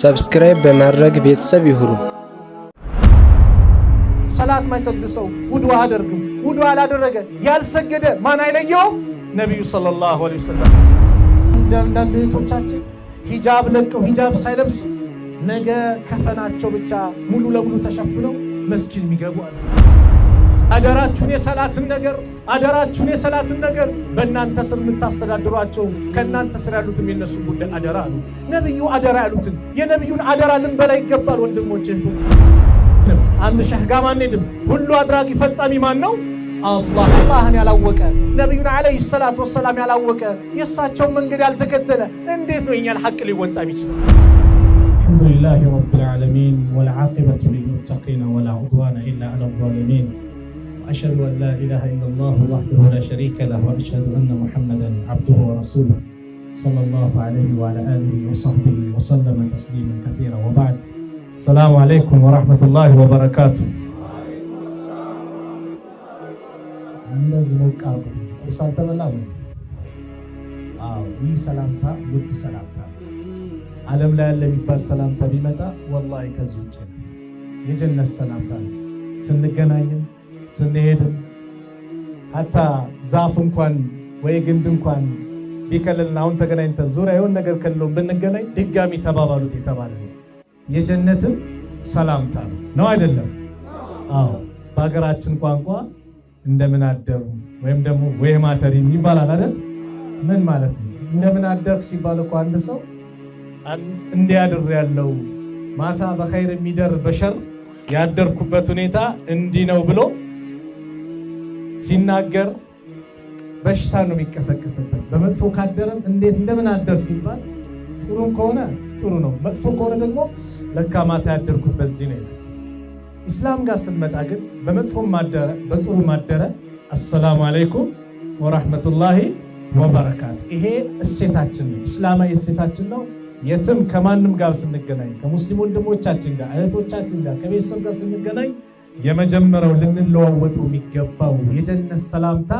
ሰብስክራይብ በማድረግ ቤተሰብ ይሁኑ። ሰላት ማይሰግድ ሰው ውድዋ አደርግም። ውዱ አላደረገ ያልሰገደ ማን አይለየው? ነቢዩ ሰለላሁ ዐለይሂ ወሰለም። አንዳንድ እህቶቻችን ሂጃብ ለቀው ሂጃብ ሳይለብስ ነገ ከፈናቸው ብቻ ሙሉ ለሙሉ ተሸፍነው መስጂድ የሚገቡ አሉ። አደራችሁን የሰላትን ነገር አደራችሁን የሰላትን ነገር በእናንተ ስር የምታስተዳድሯቸው ከእናንተ ስር ያሉትም የነሱ ጉዳይ አደራ አሉ። ነቢዩ አደራ ያሉትን የነቢዩን አደራ ልንበላ ይገባል። ወንድሞች እህቶች፣ አንድ ሸህ ጋ ማንሄድም። ሁሉ አድራጊ ፈጻሚ ማን ነው? አላህ አላህን ያላወቀ ነቢዩን ዓለይሂ ሰላት ወሰላም ያላወቀ የእሳቸውን መንገድ ያልተከተለ እንዴት ነው የኛን ሐቅ ሊወጣ ይችላል? አልሐምዱሊላሂ ረቢል ዓለሚን ወልዓቂበቱ ሊልሙተቂን ወላ ዑድዋነ ኢላ ዐለዛሊሚን أشهد أن لا إله إلا الله وحده لا شريك له وأشهد أن محمدا عبده ورسوله صلى الله عليه وعلى آله وصحبه وسلم تسليما كثيرا وبعد السلام عليكم ورحمة الله وبركاته መዝሙር ቃሉ ቁርስ አልተበላም። አዎ ይህ ሰላምታ ውድ ሰላምታ ዓለም ላይ ያለ የሚባል ሰላምታ ቢመጣ ወላሂ ከዚህ ውጭ የጀነት ሰላምታ ነው። ስንገናኝም ስንሄድ ሀታ ዛፍ እንኳን ወይ ግንድ እንኳን ቢከልልን አሁን ተገናኝተን ዙሪያ የሆን ነገር ከልለውን ብንገናኝ ድጋሚ ተባባሉት የተባለ ነው። የጀነትን ሰላምታ ነው አይደለም? አዎ በሀገራችን ቋንቋ እንደምን አደሩ ወይም ደግሞ ወይ ማተሪ ይባላል አይደል? ምን ማለት ነው? እንደምን አደርክ ሲባል እኮ አንድ ሰው እንዲያድር ያለው ማታ በኸይር የሚደር በሸር ያደርኩበት ሁኔታ እንዲህ ነው ብሎ ሲናገር በሽታ ነው የሚቀሰቀስበት። በመጥፎ ካደረም እንዴት እንደምን አደር ሲባል ጥሩም ከሆነ ጥሩ ነው፣ መጥፎ ከሆነ ደግሞ ለካ ማታ ያደርኩት በዚህ ነው። ኢስላም ጋር ስንመጣ ግን በመጥፎ ማደረ በጥሩ ማደረ። አሰላሙ አለይኩም ወራህመቱላሂ ወበረካቱ። ይሄ እሴታችን ነው፣ እስላማዊ እሴታችን ነው። የትም ከማንም ጋር ስንገናኝ ከሙስሊም ወንድሞቻችን ጋር እህቶቻችን ጋር ከቤተሰብ ጋር ስንገናኝ የመጀመሪያው ልንለዋወጡ የሚገባው የጀነት ሰላምታ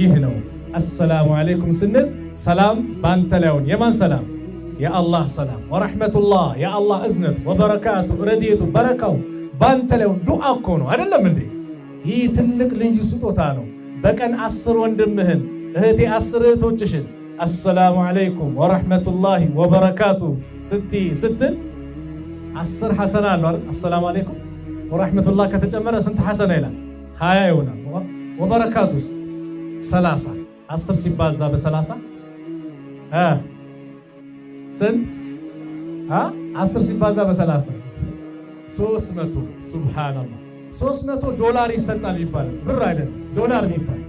ይህ ነው። አሰላሙ አለይኩም ስንል ሰላም ባንተ ላይ ሁን። የማን ሰላም? የአላህ ሰላም ወረሕመቱላህ፣ የአላህ እዝነት ወበረካቱ፣ ረድኤቱ፣ በረካው ባንተ ላይ ሁን። ዱዓ እኮ ነው አይደለም እንዴ? ይህ ትልቅ ልዩ ስጦታ ነው። በቀን አስር ወንድምህን እህቴ፣ አስር እህቶችሽን አሰላሙ አለይኩም ወረሕመቱላህ ወበረካቱ ስቲ ስትል አስር ሐሰና አለ። አሰላሙ አለይኩም ወራህመቱላህ ከተጨመረ ስንት ሐሰና ይላል? ሀያ ይሆናል። ወበረካቱስ ሰላሳ አስር ሲባዛ በሰላሳ ስንት? አስር ሲባዛ በሰላሳ ሶስት መቶ ሱብሃነላህ ሶስት መቶ ዶላር ይሰጣል ይባላል። ብር አይደለም ዶላር ይባል።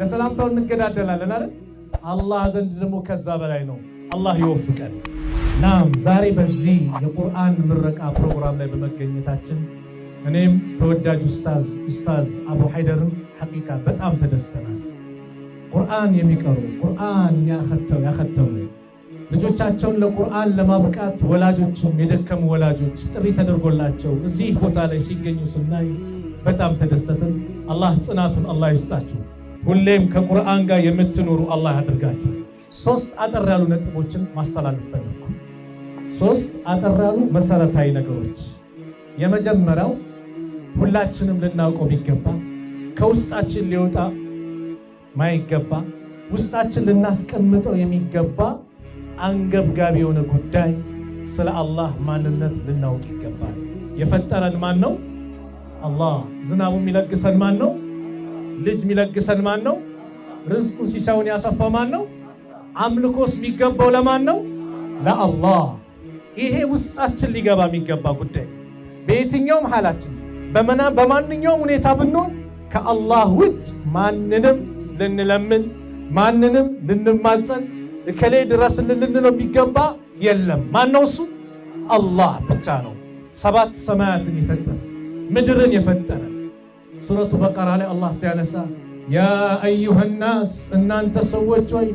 ለሰላምታው እንገዳደላለን አይደል? አላህ ዘንድ ደግሞ ከዛ በላይ ነው። አላህ ይወፍቀን። ናም ዛሬ በዚህ የቁርአን ምረቃ ፕሮግራም ላይ በመገኘታችን እኔም ተወዳጅ ኡስታዝ ኡስታዝ አቡ ሐይደርም ሐቂቃ በጣም ተደስተናል። ቁርአን የሚቀሩ ቁርአን ያኸተሙ ልጆቻቸውን ለቁርአን ለማብቃት ወላጆቹም የደከሙ ወላጆች ጥሪ ተደርጎላቸው እዚህ ቦታ ላይ ሲገኙ ስናይ በጣም ተደሰትን። አላህ ጽናቱን አላህ ይስጣችሁ። ሁሌም ከቁርአን ጋር የምትኖሩ አላህ ያድርጋችሁ። ሶስት አጠር ያሉ ነጥቦችን ማስተላለፍ ፈለግኩ። ሶስት አጠር ያሉ መሰረታዊ ነገሮች የመጀመሪያው ሁላችንም ልናውቀው ቢገባ ከውስጣችን ሊወጣ ማይገባ ውስጣችን ልናስቀምጠው የሚገባ አንገብጋቢ የሆነ ጉዳይ ስለ አላህ ማንነት ልናውቅ ይገባል። የፈጠረን ማን ነው? አላህ። ዝናቡ የሚለግሰን ማን ነው? ልጅ የሚለግሰን ማን ነው? ርዝቁን ሲሳዩን ያሰፋ ማን ነው? አምልኮስ የሚገባው ለማን ነው? ለአላህ። ይሄ ውስጣችን ሊገባ የሚገባ ጉዳይ በየትኛውም ሀላችን በመና በማንኛውም ሁኔታ ብንሆን ከአላህ ውጭ ማንንም ልንለምን ማንንም ልንማፀን እከሌ ድረስልን ልንለው የሚገባ የለም። ማነው እሱ? አላህ ብቻ ነው። ሰባት ሰማያትን የፈጠረ ምድርን የፈጠረ ሱረቱ በቀራ ላይ አላህ ሲያነሳ ያ አዩሃ ናስ እናንተ ሰዎች ሆይ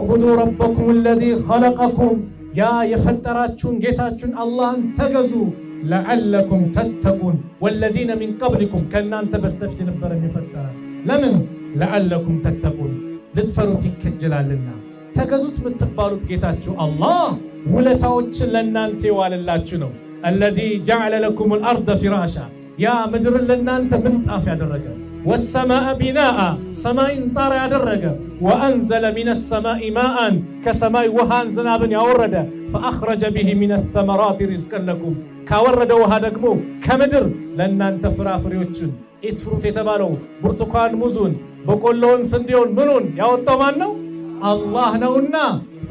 እዕቡዱ ረበኩም አለዚ ኸለቀኩም ያ የፈጠራችሁን ጌታችሁን አላህን ተገዙ ለአለኩም ተተቁን ወለዚነ ሚን ቀብሊኩም ከእናንተ በስተፊት የነበረ የፈጠረ ለምን ለአለኩም ተተቁን ልትፈሩት ይከጅላልና ተገዙት የምትባሉት ጌታችሁ አላህ ውለታዎችን ለእናንተ የዋለላችሁ ነው። አለዚ ጀዓለ ለኩም ልአርደ ፊራሻ ያ ምድርን ለእናንተ ምንጣፍ ያደረገ ወሰማአ ቢናአ ሰማይን ጣራ ያደረገ ወአንዘለ ሚነ ሰማኢ ማአን ከሰማይ ውሃን ዝናብን ያወረደ ፈአኽረጀ ብሂ ሚነ ሰመራት ሪዝቀን ለኩም ካወረደ ውሃ ደግሞ ከምድር ለእናንተ ፍራፍሬዎችን ኢት ፍሩት የተባለው ብርቱካን፣ ሙዙን፣ በቆሎውን፣ ስንዴውን ምኑን ያወጣው ማን ነው? አላህ ነውና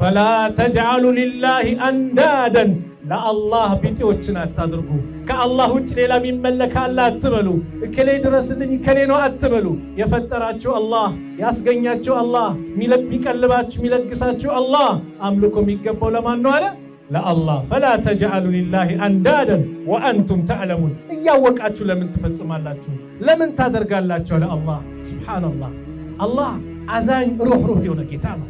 ፈላ ተጅዓሉ ሊላሂ አንዳደን ለአላህ ቢጤዎችን አታድርጉ። ከአላህ ውጭ ሌላ የሚመለክ አለ አትበሉ። እከሌ ድረስልኝ እከሌ ነው አትበሉ። የፈጠራችሁ አላህ፣ ያስገኛችሁ አላህ፣ የሚቀልባችሁ የሚለግሳችሁ አላህ። አምልኮ የሚገባው ለማን ነው አለ ለአላህ ፈላ ተጅአሉ ሊላሂ አንዳደን ወአንቱም ተዕለሙን። እያወቃችሁ ለምን ትፈጽማላችሁ? ለምን ታደርጋላችሁ? ለአላህ ስብሓነላህ። አላህ አዛኝ ሩህሩህ የሆነ ጌታ ነው።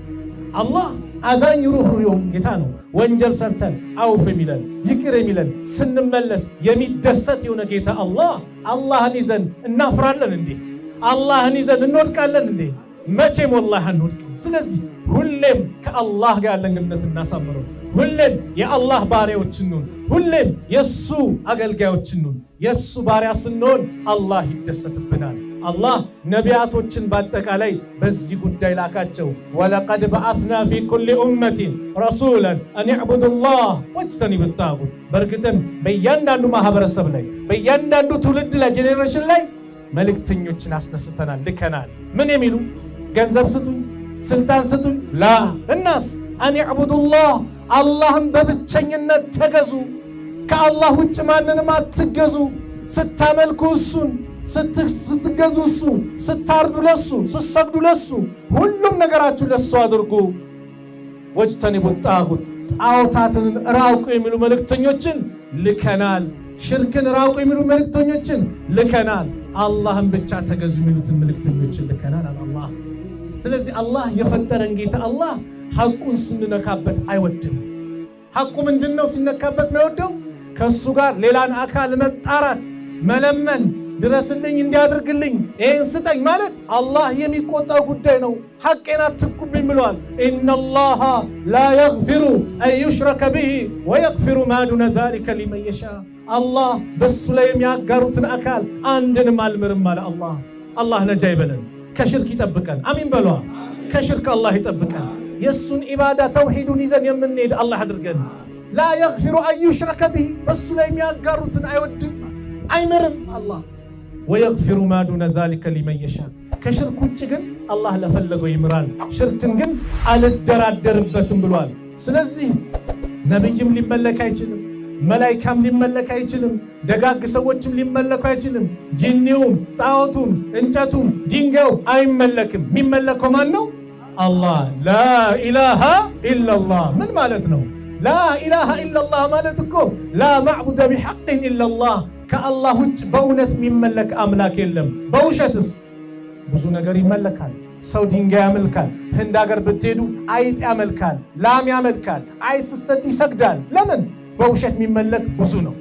አላህ አዛኝ ሩህሩህ የሆነ ጌታ ነው። ወንጀል ሰርተን አውፍ የሚለን ይቅር የሚለን ስንመለስ የሚደሰት የሆነ ጌታ አላህ። አላህን ይዘን እናፍራለን እንዴ? አላህን ይዘን እንወድቃለን እንዴ? መቼም ወላሂ አንወድቅም። ስለዚህ ሁሌም ከአላህ ጋር ያለን ግንኙነት እናሳምረው። ሁሌም የአላህ ባሪያዎች እንሁን። ሁሌም የእሱ አገልጋዮች እንሁን። የእሱ ባሪያ ስንሆን አላህ ይደሰትብናል። አላህ ነቢያቶችን በአጠቃላይ በዚህ ጉዳይ ላካቸው። ወለቀድ በአትና ፊ ኩል ኡመቲን ረሱላን ዕቡድ ላህ ወጅተኒቡ ጣጉት። በእርግጥም በእያንዳንዱ ማህበረሰብ ላይ በእያንዳንዱ ትውልድ ላይ ጄኔሬሽን ላይ መልእክተኞችን አስነስተናል፣ ልከናል። ምን የሚሉ ገንዘብ ስጡኝ ስልጣን ስጡኝ ላ እናስ አን ያዕቡዱላህ አላህን በብቸኝነት ተገዙ። ከአላህ ውጭ ማንንም አትገዙ። ስታመልኩ እሱን፣ ስትገዙ እሱ፣ ስታርዱ ለሱ፣ ስትሰግዱ ለሱ፣ ሁሉም ነገራችሁ ለሱ አድርጉ። ወጅተኒቡ ጣሁት ጣዖታትን ራውቁ የሚሉ መልእክተኞችን ልከናል። ሽርክን ራውቁ የሚሉ መልእክተኞችን ልከናል። አላህን ብቻ ተገዙ የሚሉትን መልእክተኞችን ልከናል። አላ ስለዚህ አላህ የፈጠረን ጌታ አላህ ሐቁን ስንነካበት አይወድም። ሐቁ ምንድን ነው? ሲነካበት የማይወደው ከእሱ ጋር ሌላን አካል መጣራት፣ መለመን፣ ድረስልኝ፣ እንዲያደርግልኝ፣ ይህን ስጠኝ ማለት አላህ የሚቆጣው ጉዳይ ነው። ሐቄን አትንኩብኝ ብለዋል። ኢነላሃ ላ የግፊሩ አን ዩሽረከ ብሂ ወየግፊሩ ማ ዱነ ዛሊከ ሊመን የሻ። አላህ በሱ ላይ የሚያጋሩትን አካል አንድንም አልምርም አለ አላህ። አላህ ነጃ ይበለን። ከሽርክ ይጠብቀን። አሚን በሏ። ከሽርክ አላህ ይጠብቀን። የእሱን ኢባዳ ተውሂዱን ይዘን የምንሄድ አላህ አድርገን። ላ የግፊሩ አን ዩሽረከ በሱ ላይ የሚያጋሩትን አይወድም አይምርም አላህ ወየግፊሩ ማ ዱነ ዛሊከ ሊመን የሻ። ከሽርክ ውጭ ግን አላህ ለፈለገው ይምራል። ሽርክን ግን አልደራደርበትም ብሏል። ስለዚህ ነቢይም ሊመለክ አይችልም መላይካም ሊመለክ አይችልም። ደጋግ ሰዎችም ሊመለኩ አይችልም። ጂኒውም፣ ጣዖቱም፣ እንጨቱም፣ ድንጋዩ አይመለክም። የሚመለከው ማን ነው? አላህ። ላኢላሃ ኢላላህ ምን ማለት ነው? ላኢላሃ ኢላላህ ማለት እኮ ላ ማዕቡደ ቢሐቅን ኢላላህ፣ ከአላህ ውጭ በእውነት የሚመለክ አምላክ የለም። በውሸትስ ብዙ ነገር ይመለካል። ሰው ድንጋይ ያመልካል። ህንድ ሀገር ብትሄዱ አይጥ ያመልካል፣ ላም ያመልካል፣ አይስሰድ ይሰግዳል። ለምን በውሸት የሚመለክ ብዙ ነው።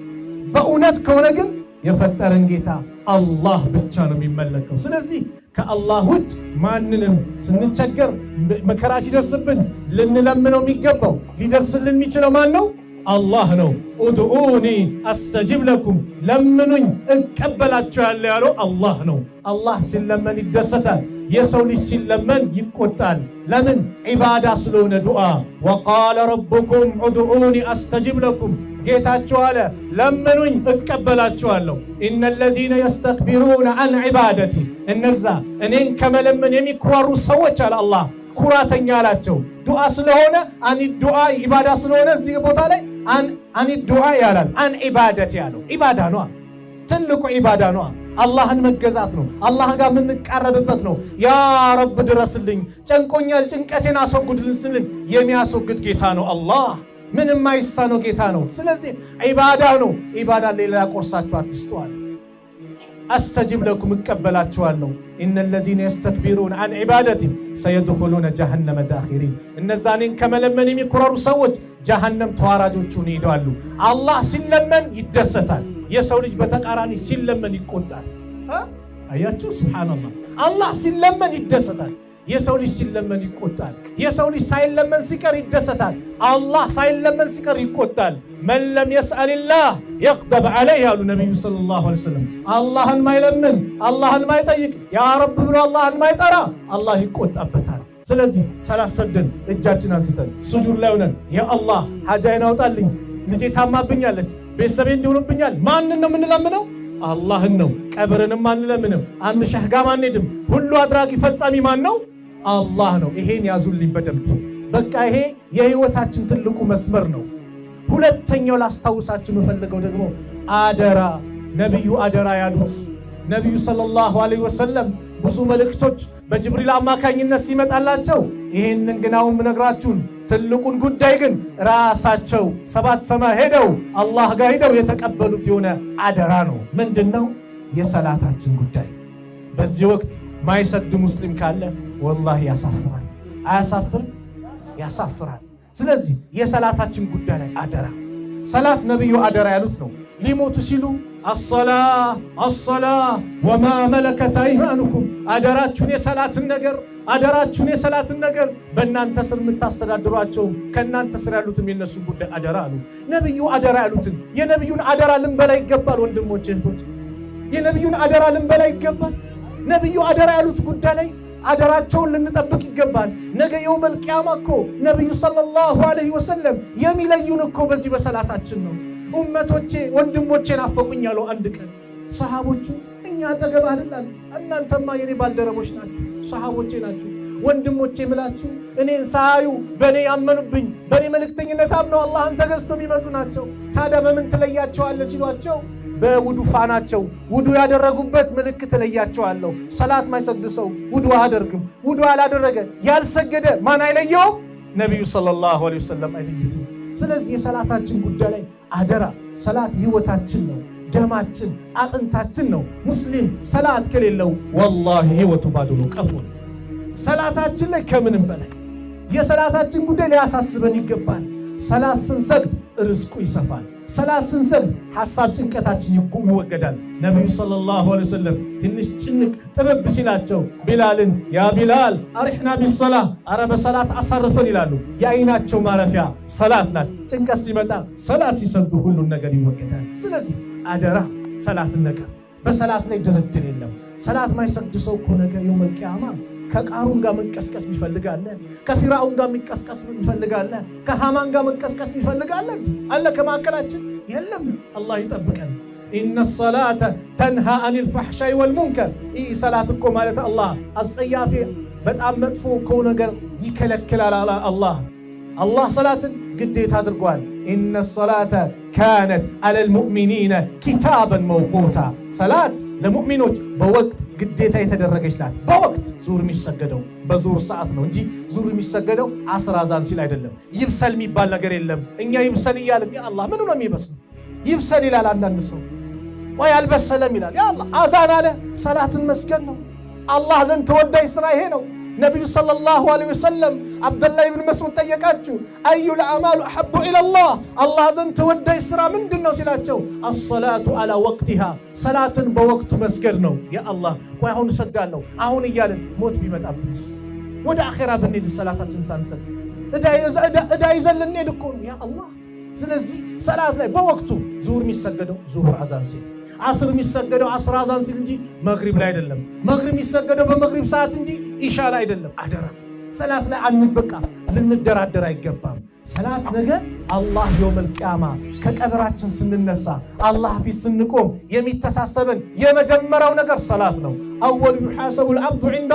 በእውነት ከሆነ ግን የፈጠረን ጌታ አላህ ብቻ ነው የሚመለከው። ስለዚህ ከአላህ ውጭ ማንንም ስንቸገር፣ መከራ ሲደርስብን ልንለምነው የሚገባው ሊደርስልን የሚችለው ማን ነው? አላህ ነው። ኡድኡኒ አስተጅብ ለኩም ለምኑኝ እቀበላቸው ያለ ያለው አላህ ነው። አላህ ሲለመን ይደሰታል። የሰው ልጅ ሲለመን ይቆጣል። ለምን? ዒባዳ ስለሆነ ዱዓ። ወቃለ ረቡኩም ኡድኡኒ አስተጅብ ለኩም ጌታቸው አለ ለምኑኝ እቀበላችኋለሁ። ኢነ ለዚነ የስተክቢሩነ አን ዒባደቲ እነዛ እኔን ከመለመን የሚኮሩ ሰዎች አለ አላህ ኩራተኛ አላቸው። ዱዓ ስለሆነ አን ዱዓ ኢባዳ ስለሆነ እዚህ ቦታ ላይ አን ዱዓ ያላል። አን ኢባደት ያለው ኢባዳ ነዋ። ትልቁ ኢባዳ ነዋ። አላህን መገዛት ነው። አላህ ጋር የምንቃረብበት ነው። ያ ረብ ድረስልኝ፣ ጨንቆኛል፣ ጭንቀቴን አስወግድልን ስልን የሚያስወግድ ጌታ ነው አላህ። ምንም አይሳ ነው ጌታ ነው። ስለዚህ ኢባዳ ነው። ኢባዳ ሌላ ቆርሳችሁ አትስጠዋል። አስተጅብ ለኩም እቀበላችኋለሁ። ኢነ ለዚነ የስተክቢሩን አን ዒባደቲ ሰየድኹሉነ ጀሃነመ ዳኺሪን። እነዛ እኔን ከመለመን የሚኮረሩ ሰዎች ጀሃነም ተዋራጆቹን ይሄዳሉ። አላህ ሲለመን ይደሰታል። የሰው ልጅ በተቃራኒ ሲለመን ይቆጣል። አያችሁ፣ ሱብሓነላህ። አላህ ሲለመን ይደሰታል። የሰው ልጅ ሲለመን ይቆጣል። የሰው ልጅ ሳይለመን ሲቀር ይደሰታል። አላህ ሳይለመን ሲቀር ይቆጣል። መን ለም የስአልላህ የቅደብ አለይ ያሉ ነቢዩ ሰለላሁ ዐለይሂ ወሰለም። አላህን ማይለምን፣ አላህን ማይጠይቅ፣ ያ ረብ ብሎ አላህን ማይጠራ አላህ ይቆጣበታል። ስለዚህ ሰላት ሰግደን እጃችን አንስተን ስጁድ ላይ ሆነን ያ አላህ ሐጃዬን አውጣልኝ፣ ልጄ ታማብኛለች፣ ቤተሰቤ እንዲሆኑብኛል። ማንን ነው የምንለምነው? አላህን ነው። ቀብርንም አንለምንም፣ አንሻህ አንሄድም። ሁሉ አድራጊ ፈጻሚ ማን ነው? አላህ ነው። ይሄን ያዙልኝ በደንብ በቃ ይሄ የህይወታችን ትልቁ መስመር ነው። ሁለተኛው ላስታውሳችሁ የምፈልገው ደግሞ አደራ፣ ነቢዩ አደራ ያሉት ነቢዩ ሰለላሁ ዐለይሂ ወሰለም ብዙ መልእክቶች በጅብሪል አማካኝነት ሲመጣላቸው ይህንን ግን አሁን ምነግራችሁን ትልቁን ጉዳይ ግን ራሳቸው ሰባት ሰማይ ሄደው አላህ ጋር ሄደው የተቀበሉት የሆነ አደራ ነው። ምንድን ነው? የሰላታችን ጉዳይ በዚህ ወቅት ማይሰድ ሙስሊም ካለ ወላሂ ያሳፍራል። አያሳፍርም? ያሳፍራል። ስለዚህ የሰላታችን ጉዳይ ላይ አደራ ሰላት ነቢዩ አደራ ያሉት ነው። ሊሞቱ ሲሉ አሰላ አሰላ ወማ መለከት አይማኑኩም፣ አደራችሁን የሰላትን ነገር አደራችሁን የሰላትን ነገር በእናንተ ስር የምታስተዳድሯቸው ከእናንተ ስር ያሉትም የነሱን ጉዳይ አደራ አሉ። ነቢዩ አደራ ያሉትን የነቢዩን አደራ ልንበላ ይገባል። ወንድሞች እህቶች፣ የነቢዩን አደራ ልንበላ ይገባል። ነቢዩ አደራ ያሉት ጉዳይ ላይ አደራቸውን ልንጠብቅ ይገባል። ነገ የውመል ቂያማ እኮ ነቢዩ ሰለላሁ ዐለይሂ ወሰለም የሚለዩን እኮ በዚህ በሰላታችን ነው። ኡመቶቼ ወንድሞቼ ናፈቁኝ አሉ። አንድ ቀን ሰሃቦቹ እኛ አጠገብ አይደላል፣ እናንተማ የኔ ባልደረቦች ናችሁ፣ ሰሃቦቼ ናችሁ፣ ወንድሞቼ ምላችሁ እኔን ሳያዩ በእኔ ያመኑብኝ በእኔ መልእክተኝነት አምነው አላህን ተገዝቶ የሚመጡ ናቸው። ታዲያ በምን ትለያቸዋለህ ሲሏቸው በውዱ ፋናቸው ውዱ ያደረጉበት ምልክት እለያቸዋለሁ። ሰላት ማይሰግድ ሰው ውዱ አያደርግም። ውዱ አላደረገ ያልሰገደ ማን አይለየውም? ነቢዩ ሰለላሁ ዐለይሂ ወሰለም አይለየትም። ስለዚህ የሰላታችን ጉዳይ ላይ አደራ። ሰላት ህይወታችን ነው፣ ደማችን አጥንታችን ነው። ሙስሊም ሰላት ከሌለው ወላሂ ህይወቱ ባዶ ነው፣ ቀፎ ነው። ሰላታችን ላይ ከምንም በላይ የሰላታችን ጉዳይ ሊያሳስበን ይገባል። ሰላት ስንሰግድ ርዝቁ ይሰፋል። ሰላት ስንሰብ ሐሳብ ጭንቀታችን ይወገዳል። ነቢዩ ሰለላሁ ዐለይሂ ወሰለም ትንሽ ጭንቅ ጥብብ ሲላቸው ቢላልን ያ ቢላል አሪሕና ቢሰላ አረ በሰላት አሳርፈን ይላሉ። የአይናቸው ማረፊያ ሰላት ናት። ጭንቀት ሲመጣ ሰላት ሲሰግዱ ሁሉን ነገር ይወገዳል። ስለዚህ አደራ ሰላትን ነገር በሰላት ላይ ድርድር የለም። ሰላት ማይሰግድ ሰው እኮ ነገር የውመል ቂያማ ከቃሩን ጋር መቀስቀስ ይፈልጋለ። ከፊራውን ጋር መቀስቀስ ይፈልጋለ። ከሃማን ጋር መቀስቀስ ይፈልጋለ። አለ ከማዕከላችን የለም። አላህ ይጠብቀን። ኢነ ሰላተ ተንሃ አኒል ፈሕሻይ ወልሙንከር። ይህ ሰላት እኮ ማለት አላህ አስጸያፊ በጣም መጥፎ ከሆነ ነገር ይከለክላል። አላህ አላህ ሰላትን ግዴታ አድርጓል። ኢነ ሰላተ ካነት አለል ሙእሚኒነ ኪታበን መውቁታ ሰላት ለሙእሚኖች በወቅት ግዴታ የተደረገች ናት። በወቅት ዙር የሚሰገደው በዙር ሰዓት ነው እንጂ ዙር የሚሰገደው አስር አዛን ሲል አይደለም። ይብሰል የሚባል ነገር የለም። እኛ ይብሰል እያለም ያአላ ምኑ ነው የሚበስል? ይብሰል ይላል አንዳንድ ሰው ወይ አልበሰለም ይላል። ያአላ አዛን አለ ሰላትን መስገን ነው። አላህ ዘንድ ተወዳጅ ስራ ይሄ ነው። ነቢዩ ሰለላሁ ዐለይሂ ወሰለም አብደላህ ብን መስዑድ ጠየቃችሁ፣ አዩል አዕማሉ አሐቡ ኢለላህ አላህ ዘንድ ተወዳጅ ስራ ምንድን ነው ሲላቸው፣ አሰላቱ አላ ወቅቲሃ ሰላትን በወቅቱ መስገድ ነው። ያአላህ ቆይ አሁን እሰግዳለሁ አሁን እያልን ሞት ቢመጣብንስ? ወደ አኼራ ብንሄድ ሰላታችን ሳንሰግድ እዳ ይዘን ልንሄድ እኮ ነው። ያአላህ ስለዚህ ሰላት ላይ በወቅቱ ዙሁር የሚሰገደው ዙሁር አዛን ሲል አስር የሚሰገደው አስር አዛን ሲል እንጂ መግሪብ ላይ አይደለም። መግሪብ የሚሰገደው በመግሪብ ሰዓት እንጂ ኢሻል አይደለም አደራ። ሰላት ላይ አንበቃ፣ ልንደራደር አይገባም። ሰላት ነገር አላህ የውመል ቂያማ ከቀብራችን ስንነሳ አላህ ፊት ስንቆም የሚተሳሰበን የመጀመሪያው ነገር ሰላት ነው። አወሉ ዩሓሰቡ ልዓብዱ ዒንደ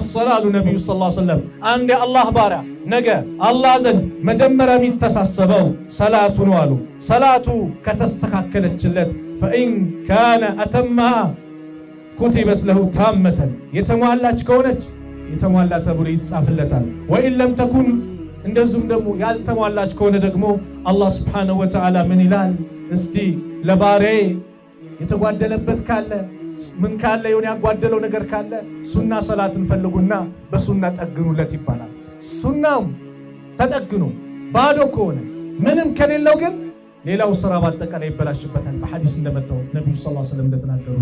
አሰላሉ ነቢዩ ስ ሰለም አንድ የአላህ ባሪያ ነገ አላህ ዘንድ መጀመሪያ የሚተሳሰበው ሰላቱ ነው አሉ። ሰላቱ ከተስተካከለችለት ፈኢን ካነ አተማሃ ኩቲበት ለሁ ታመተን የተሟላች ከሆነች የተሟላ ተብሎ ይጻፍለታል። ወኢን ለም ተኩን እንደዚሁም ደግሞ ያልተሟላች ከሆነ ደግሞ አላህ ስብሓነሁ ወተዓላ ምን ይላል? እስቲ ለባሬ የተጓደለበት ካለ ምን ካለ የሆነ ያጓደለው ነገር ካለ ሱና ሰላትን ፈልጉና በሱና ጠግኑለት ይባላል። ሱናም ተጠግኖ ባዶ ከሆነ ምንም ከሌለው ግን ሌላው ስራ ባጠቃላይ ይበላሽበታል። በሐዲስ እንደመጣው ነቢዩ ሰለላሁ ዐለይሂ ወሰለም እንደተናገሩ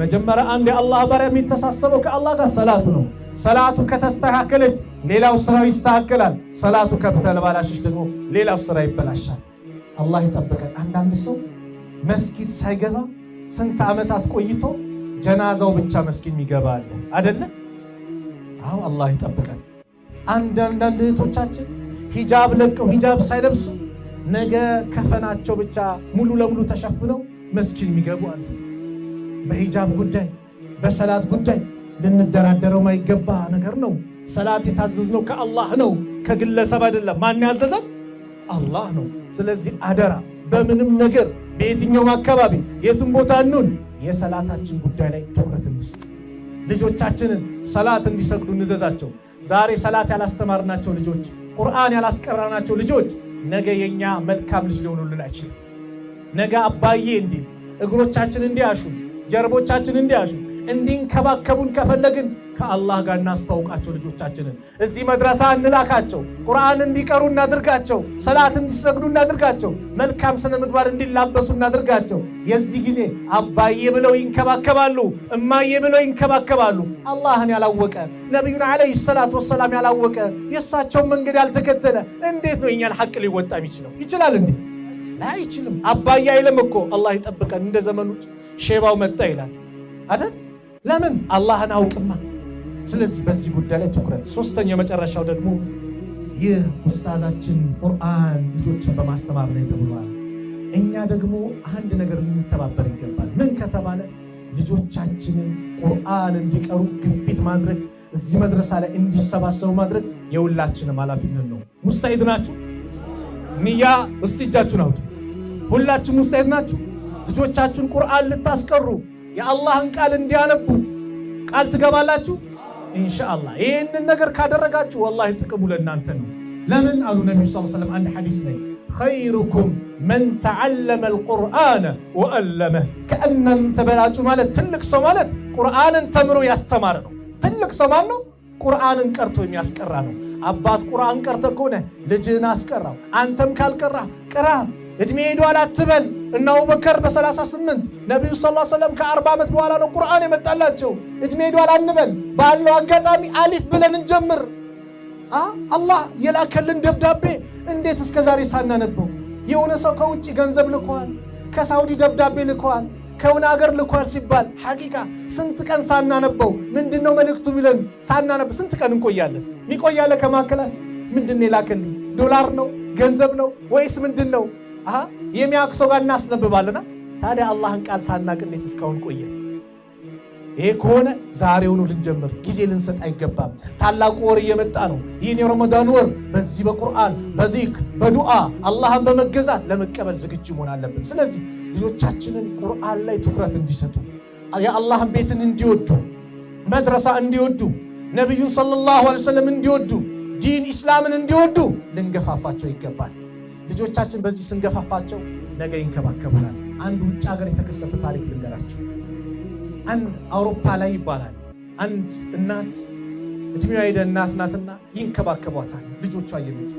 መጀመሪያ አንድ የአላህ ባሪያ የሚተሳሰበው ከአላህ ጋር ሰላቱ ነው። ሰላቱ ከተስተካከለች ሌላው ስራው ይስተካከላል። ሰላቱ ከተበላሸች ደግሞ ሌላው ስራ ይበላሻል። አላህ ይጠብቀን። አንዳንድ ሰው መስጊድ ሳይገባ ስንት ዓመታት ቆይቶ ጀናዛው ብቻ መስጊድ የሚገባ አለ አደለ? አዎ አላህ ይጠብቀን። አንዳንዳንድ እህቶቻችን ሂጃብ ለቀው ሂጃብ ሳይለብሱ ነገ ከፈናቸው ብቻ ሙሉ ለሙሉ ተሸፍነው መስጊድ የሚገቡ አለ። በሂጃብ ጉዳይ፣ በሰላት ጉዳይ ልንደራደረው ማይገባ ነገር ነው። ሰላት የታዘዝነው ከአላህ ነው፣ ከግለሰብ አይደለም። ማን ያዘዘን? አላህ ነው። ስለዚህ አደራ በምንም ነገር በየትኛውም አካባቢ የትም ቦታ እንሁን የሰላታችን ጉዳይ ላይ ትኩረትን ውስጥ ልጆቻችንን ሰላት እንዲሰግዱ እንዘዛቸው። ዛሬ ሰላት ያላስተማርናቸው ልጆች፣ ቁርአን ያላስቀራናቸው ልጆች ነገ የእኛ መልካም ልጅ ሊሆኑልን አይችልም። ነገ አባዬ እንዲህ እግሮቻችን እንዲያሹ ጀርቦቻችን እንዲያሹ እንዲንከባከቡን ከፈለግን ከአላህ ጋር እናስተዋውቃቸው። ልጆቻችንን እዚህ መድረሳ እንላካቸው። ቁርአን እንዲቀሩ እናድርጋቸው። ሰላት እንዲሰግዱ እናድርጋቸው። መልካም ስነ ምግባር እንዲላበሱ እናድርጋቸው። የዚህ ጊዜ አባዬ ብለው ይንከባከባሉ፣ እማዬ ብለው ይንከባከባሉ። አላህን ያላወቀ ነቢዩን ዓለይሂ ሰላት ወሰላም ያላወቀ የእሳቸውን መንገድ ያልተከተለ እንዴት ነው የእኛን ሐቅ ሊወጣ የሚችለው? ይችላል እንዴ? አይችልም። አባዬ አይልም እኮ አላህ ይጠብቀን እንደ ዘመኖች ሼባው መጣ ይላል አይደል? ለምን አላህን አውቅማ። ስለዚህ በዚህ ጉዳይ ላይ ትኩረት። ሶስተኛው መጨረሻው ደግሞ ይህ ኡስታዛችን ቁርአን ልጆችን በማስተማር ላይ ተብሏል። እኛ ደግሞ አንድ ነገር ልንተባበር ይገባል። ምን ከተባለ ልጆቻችንን ቁርአን እንዲቀሩ ግፊት ማድረግ፣ እዚህ መድረሳ ላይ እንዲሰባሰቡ ማድረግ የሁላችንም ኃላፊነት ነው። ሙስታሂድ ናችሁ? ንያ እስቲ እጃችሁን አውጡ። ሁላችሁ ሙስታሂድ ናችሁ? ልጆቻችሁን ቁርአን ልታስቀሩ የአላህን ቃል እንዲያነቡ ቃል ትገባላችሁ ኢንሻአላህ። ይህንን ነገር ካደረጋችሁ ወላሂ ጥቅሙ ለእናንተ ነው። ለምን አሉ ነቢ ሰለላሁ ዐለይሂ ወሰለም አንድ ሐዲስ ላይ ኸይሩኩም መን ተዓለመ አልቁርአነ ወአለመህ። ከእናንተ በላጩ ማለት ትልቅ ሰው ማለት ቁርአንን ተምሮ ያስተማረ ነው። ትልቅ ሰው ማን ነው? ቁርአንን ቀርቶ የሚያስቀራ ነው። አባት ቁርአን ቀርተ ከሆነ ልጅህን አስቀራው። አንተም ካልቀራ ቅራ። ዕድሜ ሄዷል አትበል። እና አቡበከር በ38 ነቢዩ ሰለላሁ ዐለይሂ ወሰለም ከ40 ዓመት በኋላ ነው ቁርአን የመጣላቸው። እድሜ ሄዷል አንበል፣ ባለው አጋጣሚ አሊፍ ብለን እንጀምር። አላህ የላከልን ደብዳቤ እንዴት እስከ ዛሬ ሳናነበው? የሆነ ሰው ከውጭ ገንዘብ ልኳል፣ ከሳውዲ ደብዳቤ ልኳል፣ ከሆነ አገር ልኳል ሲባል ሐቂቃ ስንት ቀን ሳናነበው ምንድነው መልእክቱ ቢለን ሳናነበው ስንት ቀን እንቆያለን? ሚቆያለ ከማከላት ምንድን ነው የላከልኝ? ዶላር ነው ገንዘብ ነው ወይስ ምንድን ነው? የሚያውቅ ሰው ጋር እናስነብባለና። ታዲያ አላህን ቃል ሳናቅ እንዴት እስካሁን ቆየ? ይሄ ከሆነ ዛሬውኑ ልንጀምር፣ ጊዜ ልንሰጥ አይገባም። ታላቁ ወር እየመጣ ነው። ይህን የረመዳን ወር በዚህ በቁርአን በዚክ በዱዓ አላህን በመገዛት ለመቀበል ዝግጁ መሆን አለብን። ስለዚህ ልጆቻችንን ቁርአን ላይ ትኩረት እንዲሰጡ፣ የአላህን ቤትን እንዲወዱ፣ መድረሳ እንዲወዱ፣ ነቢዩን ሰለላሁ ዐለይሂ ወሰለም እንዲወዱ፣ ዲን ኢስላምን እንዲወዱ ልንገፋፋቸው ይገባል። ልጆቻችን በዚህ ስንገፋፋቸው ነገ ይንከባከቡናል። አንድ ውጭ ሀገር የተከሰተ ታሪክ ልንገራችሁ። አንድ አውሮፓ ላይ ይባላል አንድ እናት እድሜዋ ሄደ እናት ናትና ይንከባከቧታል ልጆቿ እየመጡ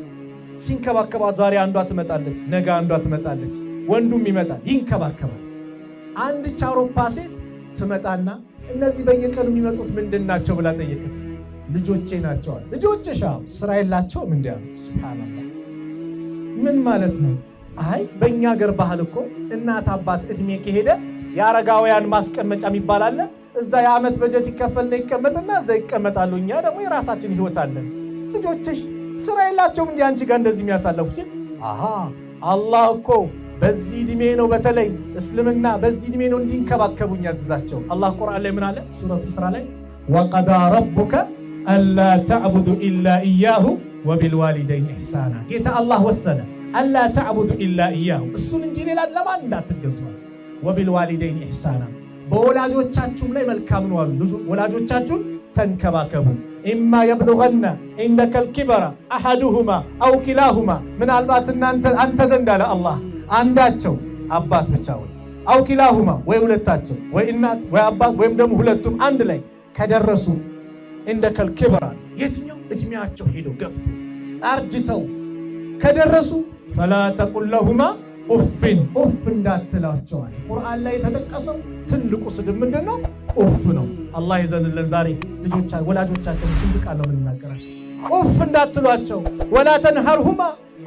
ሲንከባከቧት፣ ዛሬ አንዷ ትመጣለች፣ ነገ አንዷ ትመጣለች፣ ወንዱም ይመጣል ይንከባከባል። አንድች አውሮፓ ሴት ትመጣና እነዚህ በየቀኑ የሚመጡት ምንድን ናቸው ብላ ጠየቀች። ልጆቼ ናቸዋል። ሻ ስራ የላቸውም እንዲያሉ ስብሃናላ ምን ማለት ነው? አይ በእኛ ሀገር ባህል እኮ እናት አባት እድሜ ከሄደ የአረጋውያን ማስቀመጫ የሚባል አለ። እዛ የዓመት በጀት ይከፈልና ይቀመጥና እዛ ይቀመጣሉ። እኛ ደግሞ የራሳችን ህይወት አለን። ልጆችሽ ስራ የላቸውም እንጂ አንቺ ጋር እንደዚህ የሚያሳለፉ ሲል አላህ እኮ በዚህ እድሜ ነው በተለይ እስልምና በዚህ እድሜ ነው እንዲንከባከቡኝ ያዘዛቸው። አላህ ቁርአን ላይ ምን አለ? ሱረቱ ስራ ላይ ወቀዳ ረቡከ አላ ተዕቡዱ ኢላ እያሁ ወቢልዋሊደይን ኢሕሳና ጌታ አላህ ወሰነ አላ ተዕቡዱ ኢላ እያሁ እሱን እንጂ ሌላ ለማን እንዳትገዙ። ወቢልዋሊደይን ኢሕሳና በወላጆቻችሁም ላይ መልካም ነው አሉ። ወላጆቻችሁን ተንከባከቡ። ኢማ የብሉገነ ዒንደከል ኪበራ አሐዱሁማ አው ኪላሁማ፣ ምናልባት አንተ ዘንድ አለ አላህ አንዳቸው አባት ብቻ ወይ አው ኪላሁማ ወይ ሁለታቸው ወይ እናት ወይ አባት ወይም ደግሞ ሁለቱም አንድ ላይ ከደረሱ ዒንደከል ኪበራ የትኛው እድሜያቸው ሄዶ ገፍቶ አርጅተው ከደረሱ ፈላ ተቁል ለሁማ ኡፍን ኡፍ እንዳትላቸዋል። ቁርአን ላይ የተጠቀሰው ትልቁ ስድብ ምንድን ነው? ኡፍ ነው። አላህ ይዘንልን። ዛሬ ልጆቻችን ወላጆቻችን ስንድቃ ነው ኡፍ እንዳትሏቸው። ወላ ተንሀርሁማ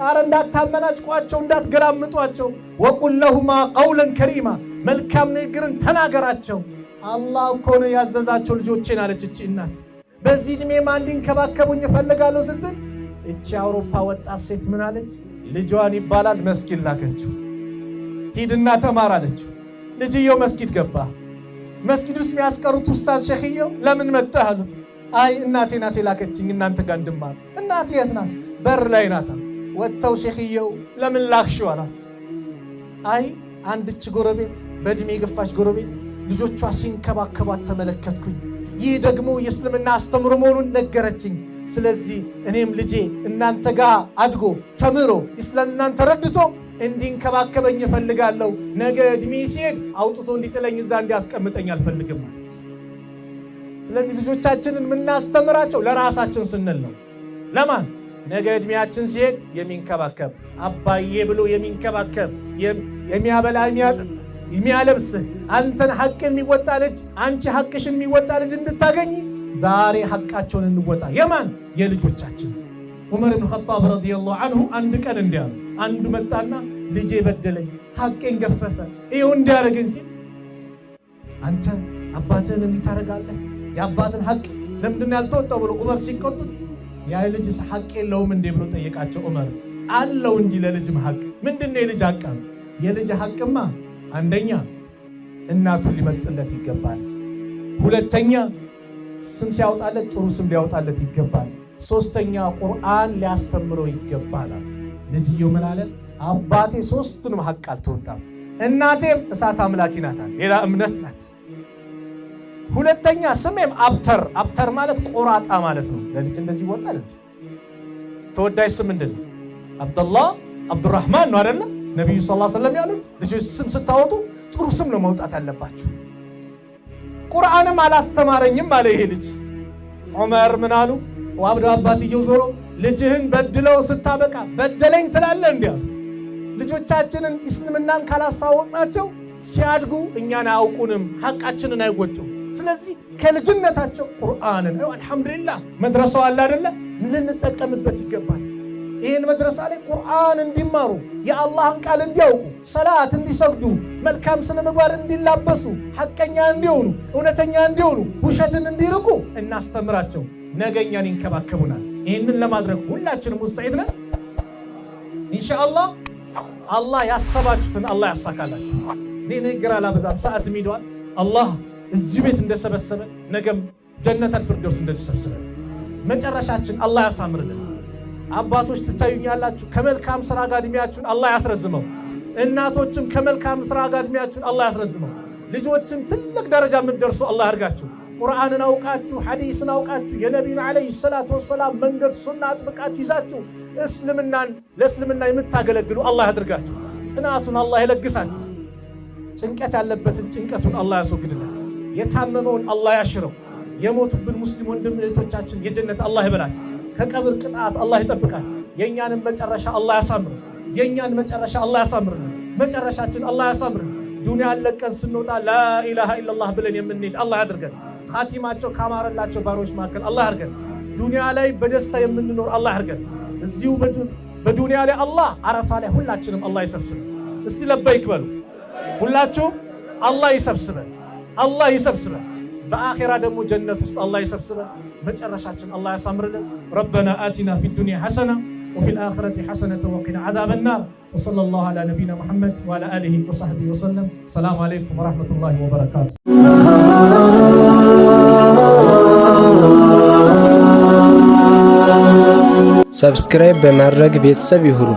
አረ እንዳታመናጭቋቸው፣ እንዳትገላምጧቸው። ወቁል ለሁማ ቀውለን ከሪማ መልካም ንግግርን ተናገራቸው። አላህ እኮ ነው ያዘዛቸው ልጆቼን አለች እቺ እናት። በዚህ ዕድሜ ማን ሊንከባከቡኝ እፈልጋለሁ ስትል እቺ አውሮፓ ወጣት ሴት ምን አለች? ልጇን ይባላል መስጊድ ላከችው። ሂድና ተማር አለችው። ልጅየው መስጊድ ገባ። መስጊድ ውስጥ የሚያስቀሩት ኡስታዝ ሸክየው ለምን መጣህ አሉት። አይ እናቴ ናቴ ላከችኝ እናንተ ጋር እንድማር። እናቴ የት ናት? በር ላይ ናታ። ወጥተው ሸክየው ለምን ላክሽው አላት። አይ አንድች ጎረቤት፣ በእድሜ የገፋች ጎረቤት ልጆቿ ሲንከባከቧት ተመለከትኩኝ ይህ ደግሞ የእስልምና አስተምሮ መሆኑን ነገረችኝ። ስለዚህ እኔም ልጄ እናንተ ጋር አድጎ ተምሮ ስለእናንተ ረድቶ እንዲንከባከበኝ እፈልጋለሁ። ነገ እድሜ ሲሄድ አውጥቶ እንዲጥለኝ እዛ እንዲያስቀምጠኝ አልፈልግም። ስለዚህ ልጆቻችንን የምናስተምራቸው ለራሳችን ስንል ነው። ለማን ነገ እድሜያችን ሲሄድ የሚንከባከብ አባዬ ብሎ የሚንከባከብ የሚያበላ የሚያጥ የሚያለብስህ አንተን ሐቅን የሚወጣ ልጅ አንቺ ሐቅሽን የሚወጣ ልጅ እንድታገኝ ዛሬ ሐቃቸውን እንወጣ። የማን የልጆቻችን። ዑመር ብን ኸጣብ ረዲየላሁ አንሁ አንድ ቀን እንዲያሉ አንዱ መጣና ልጄ በደለኝ፣ ሐቄን ገፈፈ፣ ይኸው እንዲያደርገኝ ሲል አንተ አባትህን እንዲታረጋለህ የአባትን ሐቅ ለምንድን ያልተወጣው ብሎ ዑመር ሲቆጡት ያ ልጅ ሐቅ የለውም እንዴ ብሎ ጠየቃቸው። ዑመር አለው እንጂ ለልጅም ሐቅ ምንድን ነው? የልጅ ሐቅ የልጅ ሐቅማ አንደኛ እናቱን ሊመርጥለት ይገባል። ሁለተኛ ስም ሲያወጣለት ጥሩ ስም ሊያወጣለት ይገባል። ሶስተኛ ቁርአን ሊያስተምረው ይገባል። ልጅየው መላለ አባቴ ሶስቱንም ሀቅ አልተወጣም፣ እናቴም እሳት አምላኪ ናታል፣ ሌላ እምነት ናት። ሁለተኛ ስሜም አብተር አብተር ማለት ቆራጣ ማለት ነው። ለልጅ እንደዚህ ይወጣል። ተወዳጅ ስም ምንድን ነው? አብደላህ አብዱራህማን ነው አደለም? ነቢዩ ሰለላሁ ዐለይሂ ወሰለም ያሉት ልጆች ስም ስታወጡ ጥሩ ስም ነው መውጣት ያለባችሁ። ቁርአንም አላስተማረኝም አለ ይሄ ልጅ። ዑመር ምን አሉ? አብዶ አባትየው ዞሮ ልጅህን በድለው ስታበቃ በደለኝ ትላለህ እንዲህ አሉት። ልጆቻችንን እስልምናን ካላስተዋወቅናቸው ሲያድጉ እኛን አያውቁንም፣ ሐቃችንን አይወጡም። ስለዚህ ከልጅነታቸው ቁርአንን አልሐምዱሊላህ መድረሰው አለ አይደለ? ምን ልንጠቀምበት ይገባል። ይህን መድረሳ ላይ ቁርአን እንዲማሩ፣ የአላህን ቃል እንዲያውቁ፣ ሰላት እንዲሰግዱ፣ መልካም ስነ ምግባር እንዲላበሱ፣ ሐቀኛ እንዲሆኑ፣ እውነተኛ እንዲሆኑ፣ ውሸትን እንዲርቁ እናስተምራቸው። ነገኛን ይንከባከቡናል። ይህንን ለማድረግ ሁላችንም ሙስተዒድ ነን። እንሻአላህ አላህ ያሰባችሁትን አላህ ያሳካላችሁ። እኔ ንግግር አላበዛም፣ ሰዓት ሚዷል። አላህ እዚህ ቤት እንደሰበሰበ ነገም ጀነተል ፊርደውስ እንደዚህ መጨረሻችን አላህ ያሳምርልን። አባቶች ትታዩኛላችሁ። ከመልካም ስራ ጋር እድሜያችሁን አላህ ያስረዝመው። እናቶችም ከመልካም ስራ ጋር እድሜያችሁን አላህ ያስረዝመው። ልጆችም ትልቅ ደረጃ የምትደርሱ አላህ ያድርጋችሁ። ቁርአንን አውቃችሁ ሐዲስን አውቃችሁ የነቢዩን ዓለይሂ ሰላቱ ወሰላም መንገድ ሱና አጥብቃችሁ ይዛችሁ እስልምናን ለእስልምና የምታገለግሉ አላህ ያድርጋችሁ። ጽናቱን አላህ ይለግሳችሁ። ጭንቀት ያለበትን ጭንቀቱን አላህ ያስወግድልን። የታመመውን አላህ ያሽረው። የሞቱብን ሙስሊም ወንድም እህቶቻችን የጀነት አላህ ይበላቸው። ከቀብር ቅጣት አላህ ይጠብቃል። የእኛንም መጨረሻ አላህ ያሳምር። የእኛን መጨረሻ አላህ ያሳምር። መጨረሻችን አላህ ያሳምር። ዱንያን ለቀን ስንወጣ ላኢላሃ ኢለላህ ብለን የምንሄድ አላህ ያድርገን። ኻቲማቸው ካማረላቸው ባሮች መካከል አላህ ያድርገን። ዱንያ ላይ በደስታ የምንኖር አላህ ያድርገን። እዚሁ በዱንያ ላይ አላህ አረፋ ላይ ሁላችንም አላህ ይሰብስበን። እስቲ ለበይክ በሉ ሁላችሁም። አላህ ይሰብስበን። አላህ ይሰብስበን። በአኼራ ደግሞ ጀነት ውስጥ አላህ ይሰብስበን፣ መጨረሻችን الله ያሳምርልን። ربنا آتنا في الدنيا حسنة وفي الآخرة حسنة وقنا عذاب النار وصلى الله على نبينا محمد وعلى آله وصحبه وسلم السلام عليكم ورحمة الله وبركاته سبسكرايب بمرق ቤተሰብ ይሁኑ።